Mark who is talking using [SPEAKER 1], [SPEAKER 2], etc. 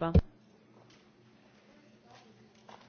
[SPEAKER 1] darba.